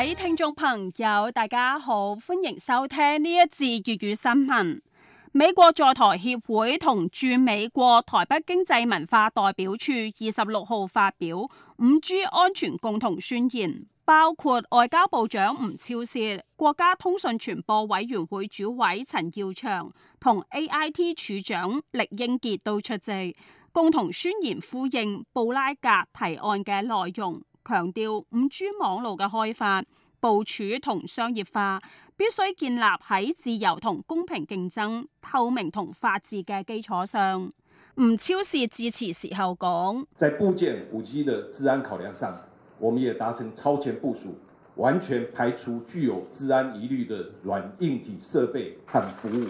各位聽眾朋友，大家好，歡迎收聽呢一節粵語新聞。美國在台協會同駐美國台北經濟文化代表處二十六號發表五 G 安全共同宣言，包括外交部長吳釗燮、國家通訊傳播委員會主委陳耀祥同 AIT 處長力英傑都出席，共同宣言呼應布拉格提案嘅內容。強調五 G 網路嘅開發、部署同商業化，必須建立喺自由同公平競爭、透明同法治嘅基礎上。吳釗燮致辭時候講：在部件、五 G 嘅資安考量上，我們也達成超前部署，完全排除具有資安疑慮嘅軟硬體設備和服務。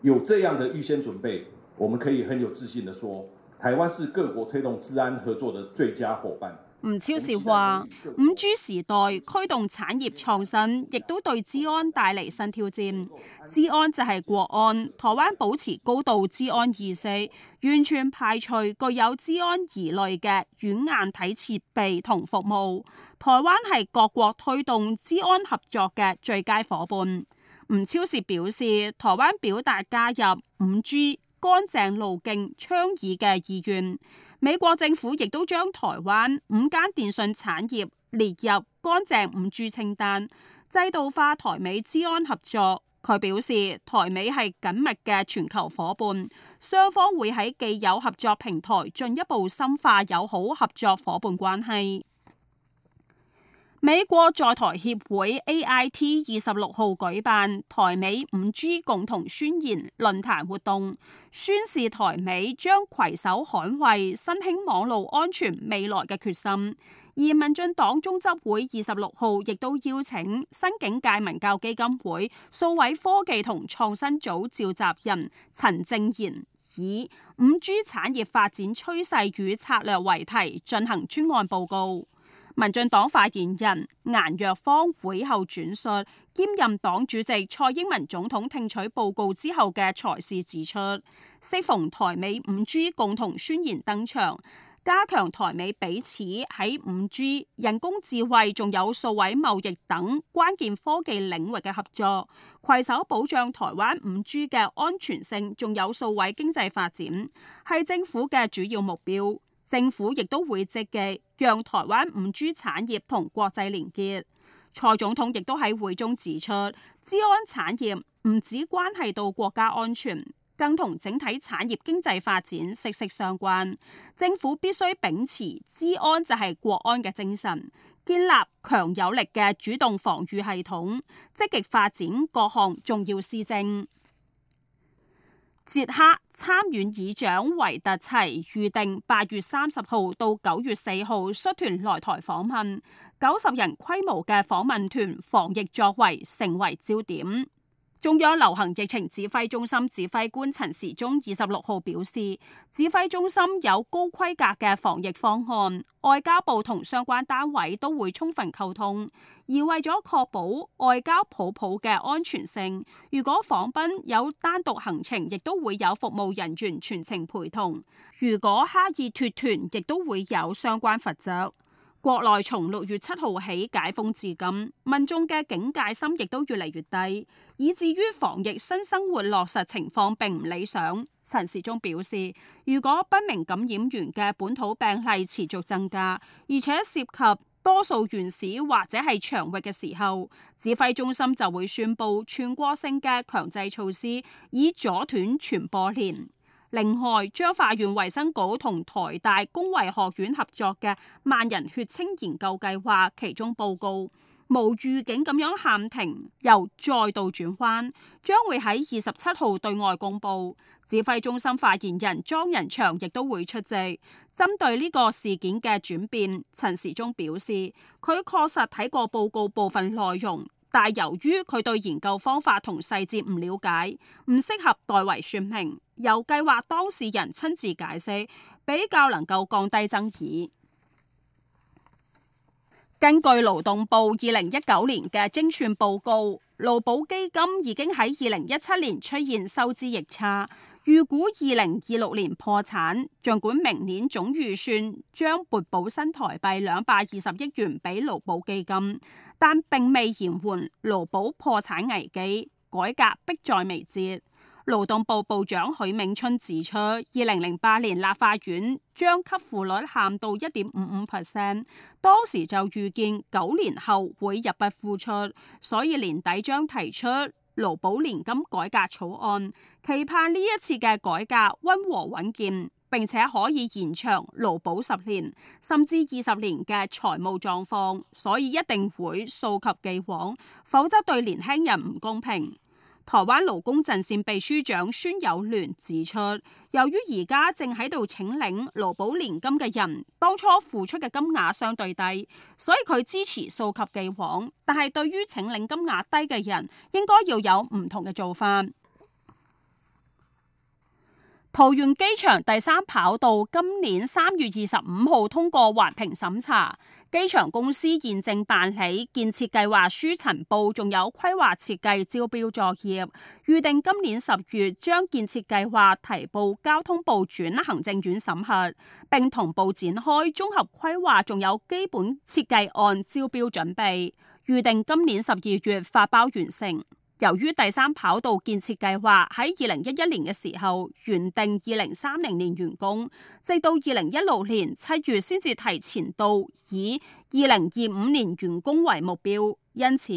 有這樣的預先準備，我們可以很有自信的說，台灣是各國推動資安合作的最佳夥伴。吳釗燮話：五 G 時代驅動產業創新，亦都對資安帶嚟新挑戰。資安就係國安，台灣保持高度資安意識，完全排除具有資安疑慮嘅軟硬體設備同服務。台灣係各國推動資安合作嘅最佳夥伴。吳釗燮表示，台灣表達加入五 G 乾淨路徑倡議嘅意願，美國政府亦都將台灣五間電信產業列入乾淨五 G 清單，制度化台美資安合作。佢表示，台美係緊密嘅全球夥伴，雙方會喺既有合作平台進一步深化友好合作夥伴關係。美國在台協會 AIT 二十六號舉辦台美五 G 共同宣言論壇活動，宣示台美將攜手捍衛新興網路安全未來嘅決心。而民進黨中執會二十六號亦都邀請新境界文教基金會數位科技同創新組召集人陳正賢，以五 G 產業發展趨勢與策略為題進行專案報告。民進黨發言人顏若芳會後轉述兼任黨主席蔡英文總統聽取報告之後嘅裁示指出，適逢台美五 G 共同宣言登場，加強台美彼此喺五 G、人工智慧仲有數位貿易等關鍵科技領域嘅合作，攜手保障台灣五 G 嘅安全性，仲有數位經濟發展係政府嘅主要目標。政府亦都會積極讓台灣五 G 產業同國際連結。蔡總統亦都喺會中指出，資安產業唔止關係到國家安全，更同整體產業經濟發展息息相關。政府必須秉持資安就係國安嘅精神，建立強有力嘅主動防禦系統，積極發展各項重要施政。捷克參院議長維特齊預定八月三十號到九月四號率團來台訪問，九十人規模嘅訪問團防疫作為成為焦點。中央流行疫情指揮中心指揮官陳時中二十六號表示，指揮中心有高規格嘅防疫方案，外交部同相關單位都會充分溝通。而為咗確保外交泡泡嘅安全性，如果訪賓有單獨行程，亦都會有服務人員全程陪同。如果刻意脫團，亦都會有相關罰則。國內從六月七號起解封至今，民眾嘅警戒心亦都越嚟越低，以至於防疫新生活落實情況並唔理想。陳時中表示，如果不明感染源嘅本土病例持續增加，而且涉及多數原始或者係場域嘅時候，指揮中心就會宣佈全國性嘅強制措施，以阻斷傳播鏈。另外，彰化縣衛生局同台大公衛學院合作嘅萬人血清研究計劃其中報告，無預警咁樣喊停，又再度轉彎，將會喺二十七號對外公佈。指揮中心發言人莊人祥亦都會出席，針對呢個事件嘅轉變，陳時中表示，佢確實睇過報告部分內容。但由於佢對研究方法同細節唔了解，唔適合代為説明，又計劃當事人親自解釋，比較能夠降低爭議。根據勞動部二零一九年嘅精算報告，勞保基金已經喺二零一七年出現收支逆差。預估二零二六年破產，儘管明年總預算將撥補新台幣兩百二十億元俾勞保基金，但並未延緩勞保破產危機，改革迫在眉睫。勞動部部長許銘春指出，二零零八年立法院將給付率喊到一點五五 percent，當時就預見九年後會入不敷出，所以年底將提出。勞保年金改革草案，期盼呢一次嘅改革溫和穩健，並且可以延長勞保十年甚至二十年嘅財務狀況，所以一定會溯及既往，否則對年輕人唔公平。台灣勞工陣線秘書長孫友聯指出，由於而家正喺度請領勞保年金嘅人，當初付出嘅金額相對低，所以佢支持溯及既往。但係對於請領金額低嘅人，應該要有唔同嘅做法。桃園機場第三跑道今年三月二十五號通過環評審查，機場公司現正辦理建設計劃書呈報，仲有規劃設計招標作業，預定今年十月將建設計劃提報交通部轉行政院審核，並同步展開綜合規劃仲有基本設計案招標準備，預定今年十二月發包完成。由於第三跑道建設計劃喺二零一一年嘅時候，原定二零三零年完工，直到二零一六年七月先至提前到以二零二五年完工為目標，因此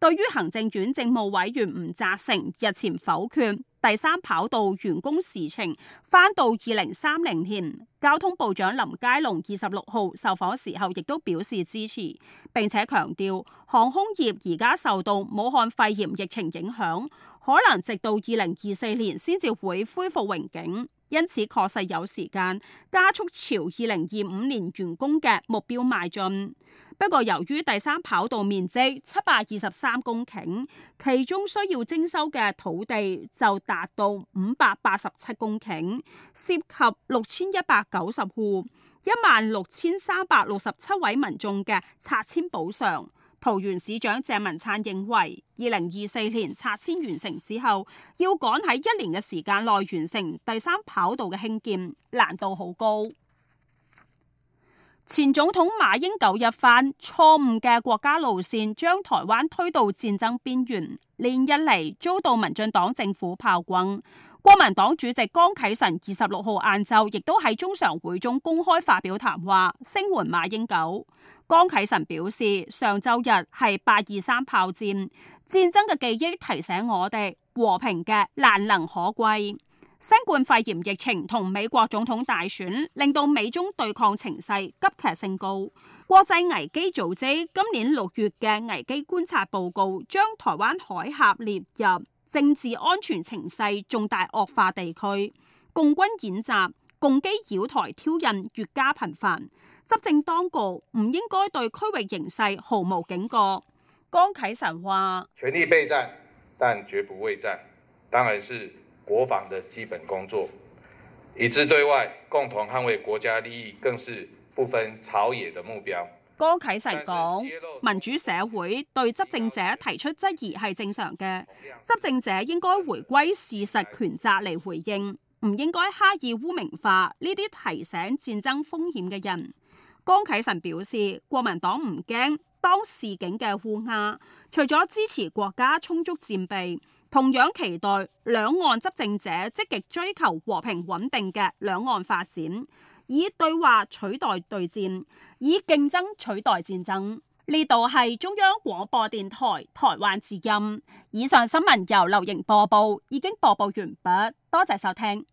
對於行政院政務委員吳澤成日前否決。第三跑道完工時程，翻到二零三零年。交通部長林佳龍二十六號受訪時候亦都表示支持，並且強調航空業而家受到武漢肺炎疫情影響，可能直到二零二四年先至會恢復榮景，因此確實有時間加速朝二零二五年完工嘅目標邁進。不過由於第三跑道面積七百二十三公頃，其中需要徵收嘅土地就達到五百八十七公頃，涉及六千一百九十戶一萬六千三百六十七位民眾嘅拆遷補償。桃園市長鄭文燦認為，二零二四年拆遷完成之後，要趕喺一年嘅時間內完成第三跑道嘅興建，難度好高。前總統馬英九一番錯誤嘅國家路線，將台灣推到戰爭邊緣，連日嚟遭到民進黨政府炮轟。國民黨主席江啟臣二十六號晏晝亦都喺中常會中公開發表談話，聲援馬英九。江啟臣表示，上周日係八二三炮戰，戰爭嘅記憶提醒我哋和平嘅難能可貴。新冠肺炎疫情同美國總統大選令到美中對抗情勢急劇升高。國際危機組織今年六月嘅危機觀察報告將台灣海峽列入政治安全情勢重大惡化地區。共軍演習、共機繞台挑釁越加頻繁，執政當局唔應該對區域形勢毫無警覺。江啟臣話：全力備戰，但絕不畏戰。當然是。國防的基本工作，以至對外共同捍衛國家利益，更是不分朝野的目標。江啟臣講：民主社會對執政者提出質疑係正常嘅，執政者應該回歸事實權責嚟回應，唔應該刻意污名化呢啲提醒戰爭風險嘅人。江啟臣表示，國民黨唔驚。當示警嘅呼喊，除咗支持國家充足戰備，同樣期待兩岸執政者積極追求和平穩定嘅兩岸發展，以對話取代對戰，以競爭取代戰爭。呢度係中央廣播電台台灣之音。以上新聞由劉瑩播報，已經播報完畢，多謝收聽。